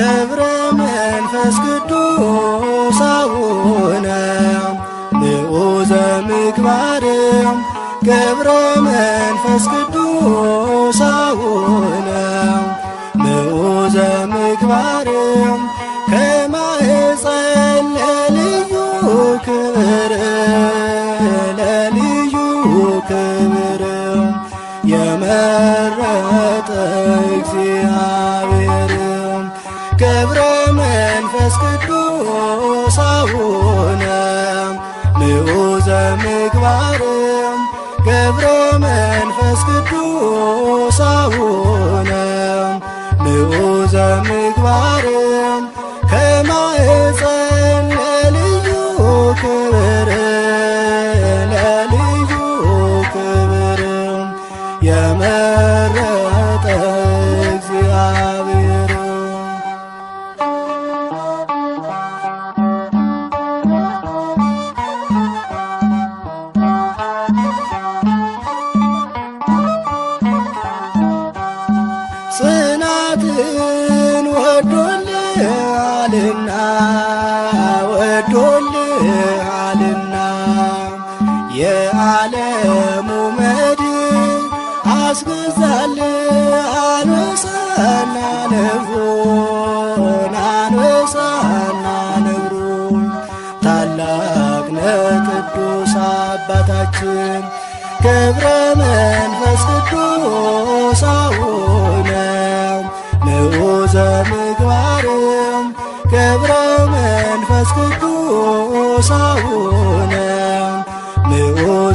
ገብረ መንፈስ ቅዱስ አቡነ ብዑዘ ምግባር ገብረ መንፈስ ቅዱስ አቡነ ብዑዘ ምግባር ከማህፀን ለልዩ ክብር ለልዩ ክብር የመረጠ ዘምግባርም ገብረ መንፈስ ቅዱስ አቡነ ምዑ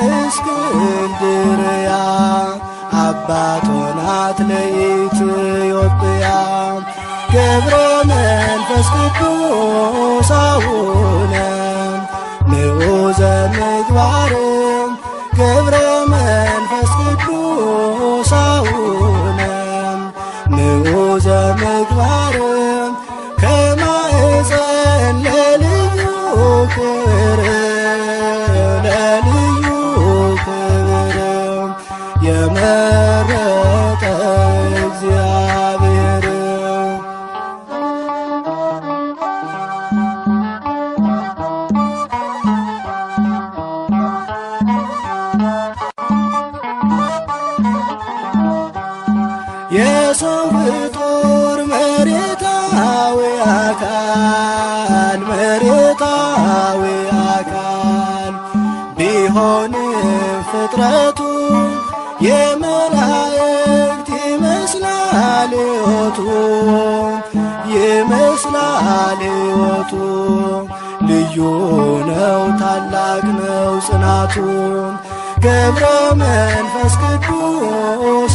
ከእስክንድርያ አባቶናት ለኢትዮጵያ ገብረ መንፈስ ቅዱስ ፍጥረቱ የመላእክት ይመስላል ሕይወቱ ይመስላል ሕይወቱ ልዩ ነው ታላቅ ነው ጽናቱ ገብረ መንፈስ ቅዱስ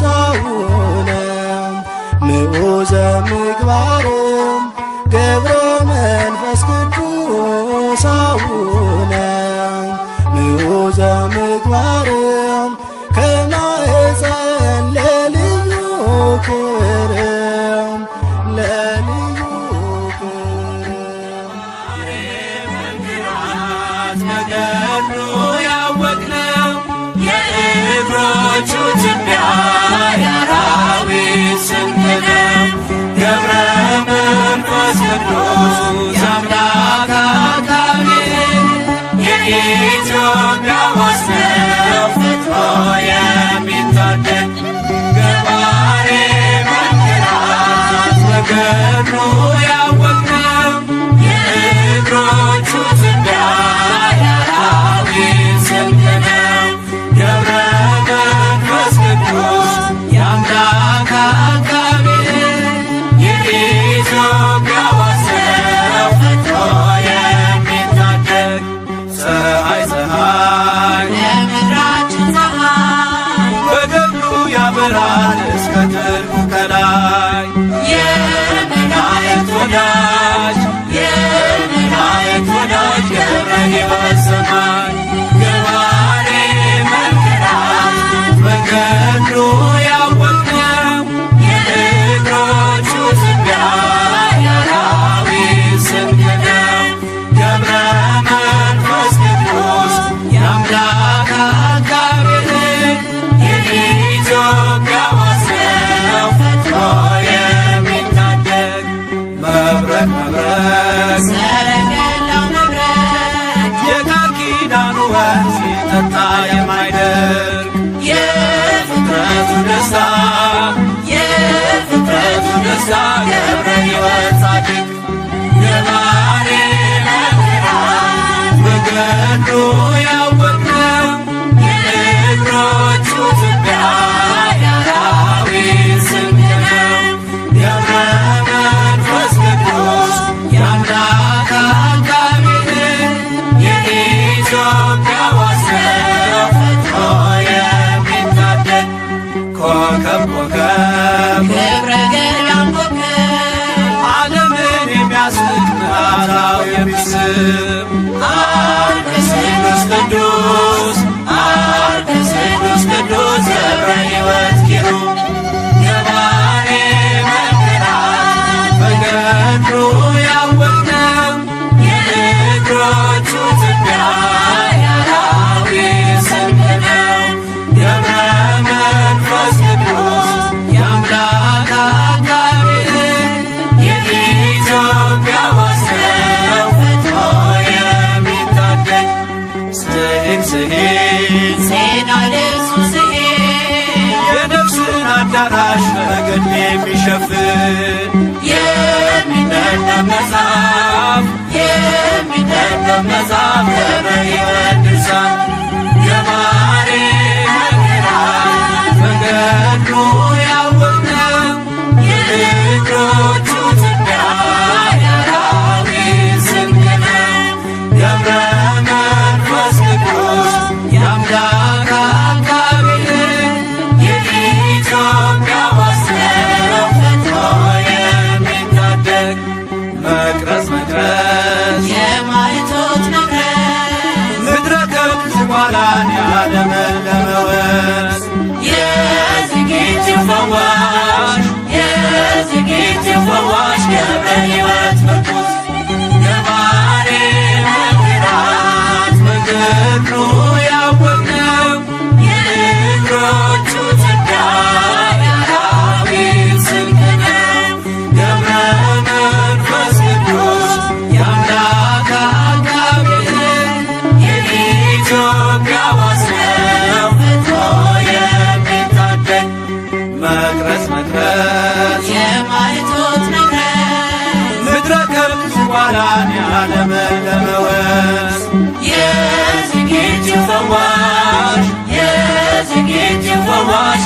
Oh ገብረ ሕይወት ጻድቅ የማርያም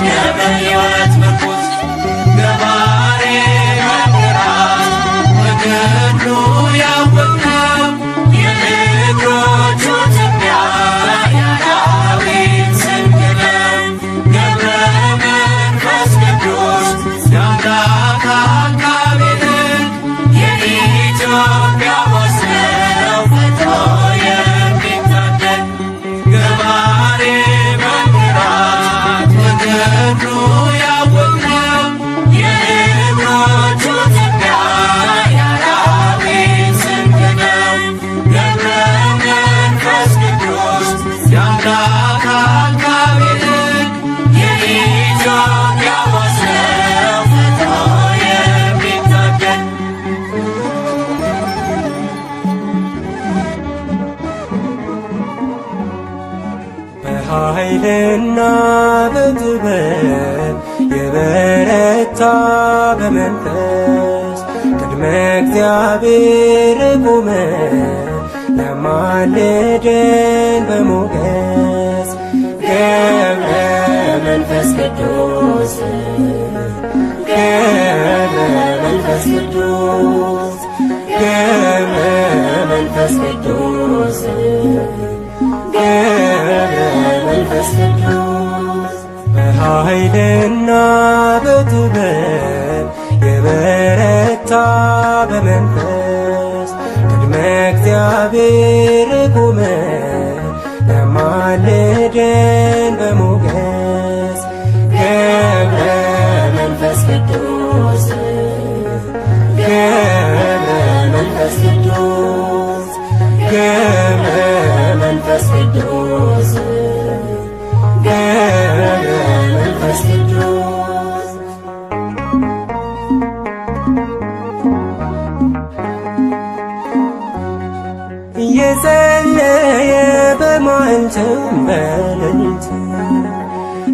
Yeah. እግዚአብሔር ቆመ ለማልደን በሞገስ ገብረ መንፈስ ቅዱስ ገብረ መንፈስ ቅዱስ በለሊት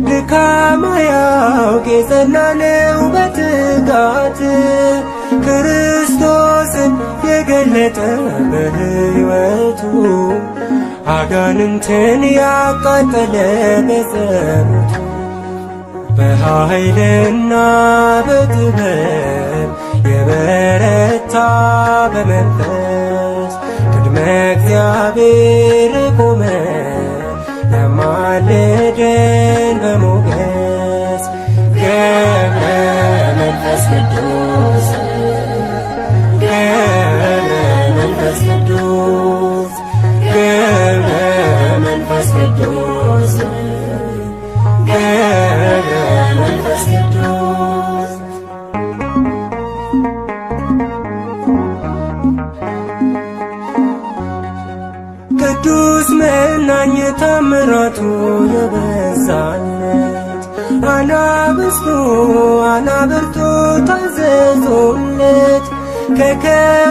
ድካም ያውቅ የጸናነው በትጋት ክርስቶስን የገለጠ በሕይወቱ አጋንንትን ያቃጠለ በጸሎቱ በኃይልና በጥበብ የበረታ በመንፈስ ቅድመ እግዚአብሔር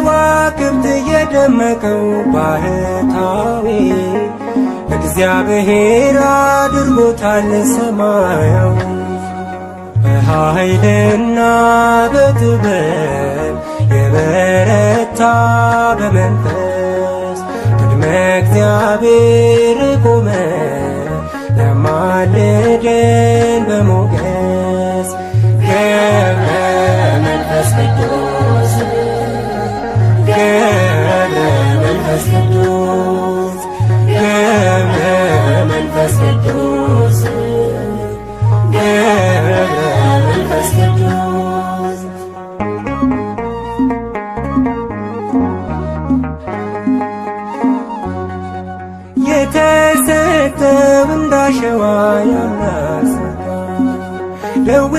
በከዋክብት የደመቀው ባህታዊ እግዚአብሔር አድርጎታል ሰማያዊ በኃይልና በጥበብ የበረታ በመንፈስ ቅድመ እግዚአብሔር ቆመ ለማልደን በሞገስ ገብረ መንፈስ ቅዱስ ገብረ መንፈስ መንፈስ ቅዱስ ገብረ መንፈስ የተሰጠው እንዳሸዋ ያናስታ ደዌ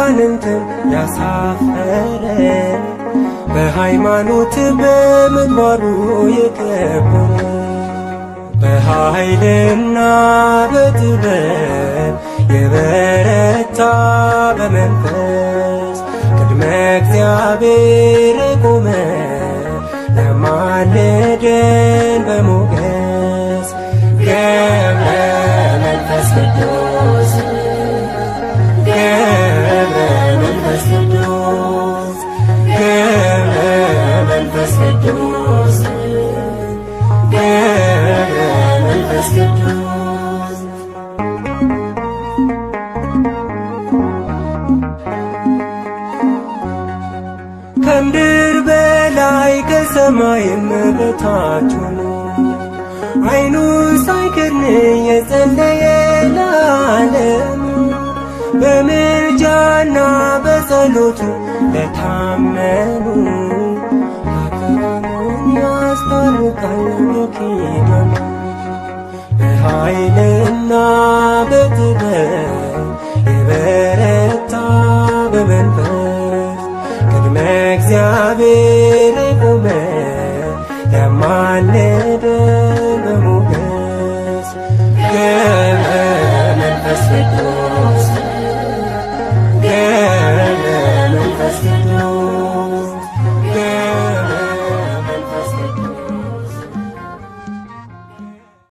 መኳንንትን ያሳፈረ በሃይማኖት በምግባሩ የከበረ በኃይልና በጥበብ የበረታ በመንፈስ ቅድመ እግዚአብሔር እመቤታችን አይኑ ሳይከድን የጸለየ ለዓለም በምልጃና በጸሎቱ ለታመኑ አክራኑን ያስታርቃል በኪዳኑ በኃይልና በጥበብ የበረታ በመንፈስ ቅድመ እግዚአብሔር ተዋለደ በሞገስ ገብረ መንፈስ ቅዱስ ገብረ መንፈስ ቅዱስ